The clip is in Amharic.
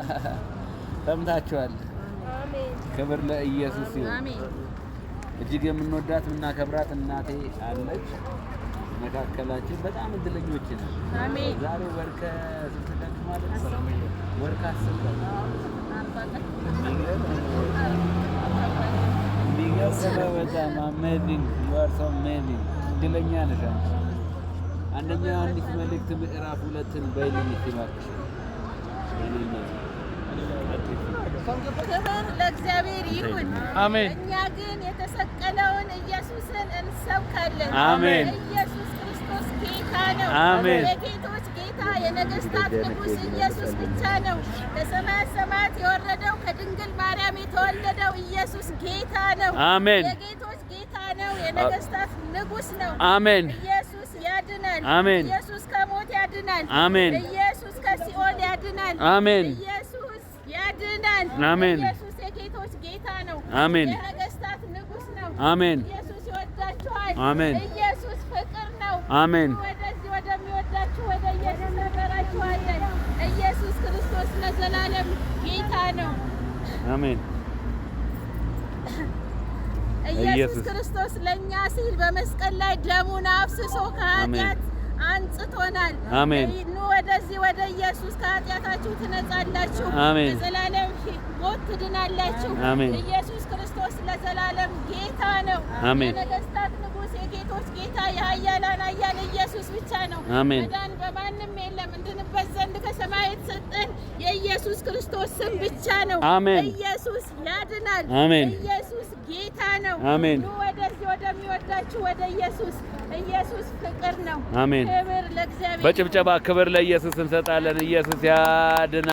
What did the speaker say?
ሰምታችኋል። ክብር ለኢየሱስ ይሁን። እጅግ የምንወዳት የምናከብራት እናቴ አለች መካከላችን። በጣም እድለኞች ነን። ዛሬ ወርከ ከስንት ቀን ማለት ነው? ወር ከአስር አሜዚንግ። እድለኛ ነሽ። አንደኛ መልእክት ምዕራፍ ሁለትን በይልኝ ይችላል ክብር ለእግዚአብሔር ይሁን። አሜን። እኛ ግን የተሰቀለውን ኢየሱስን እንሰብካለን። አሜን። ኢየሱስ ክርስቶስ ጌታ ነው። አሜን። የጌቶች ጌታ የነገስታት ንጉስ ኢየሱስ ብቻ ነው። ከሰማያት ሰማያት የወረደው ከድንግል ማርያም የተወለደው ኢየሱስ ጌታ ነው። አሜን። የጌቶች ጌታ ነው። የነገስታት ንጉስ ነው። አሜን። ኢየሱስ ያድናል። አሜን። ኢየሱስ ከሞት ያድናል። አሜን። ኢየሱስ ከሲኦል ያድናል። አሜን። ይሆናል። አሜን። ኢየሱስ የጌቶች ጌታ ነው። አሜን። የነገስታት ንጉስ ነው። አሜን። ኢየሱስ ይወዳችኋል። አሜን። ኢየሱስ ፍቅር ነው። አሜን። ወደዚህ ወደሚወዳችሁ ወደ ኢየሱስ ነበራችኋለን። ኢየሱስ ክርስቶስ ለዘላለም ጌታ ነው። አሜን። ኢየሱስ ክርስቶስ ለእኛ ሲል በመስቀል ላይ ደሙን አፍስሶ ከኃጢአት አንጽቶናል። አሜን። ኑ ወደዚህ ወደ ኢየሱስ ከኃጢአታችሁ ትነጻላችሁ። አሜን። ሞት ትድናላችሁ። ኢየሱስ ክርስቶስ ለዘላለም ጌታ ነው። የነገስታት ንጉስ የጌቶች ጌታ፣ የኃያላን ኃያል ኢየሱስ ብቻ ነው። መዳን በማንም የለም። እንድንበት ዘንድ ከሰማይ የተሰጠን የኢየሱስ ክርስቶስ ስም ብቻ ነው። ኢየሱስ ያድናል። ኢየሱስ ጌታ ነው። ኑ ወደዚህ ወደሚወዳችሁ ወደ ኢየሱስ። ኢየሱስ ፍቅር ነው። አሜን። ክብር ለእግዚአብሔር። በጭብጨባ ክብር ለኢየሱስ እንሰጣለን። ኢየሱስ ያድናል።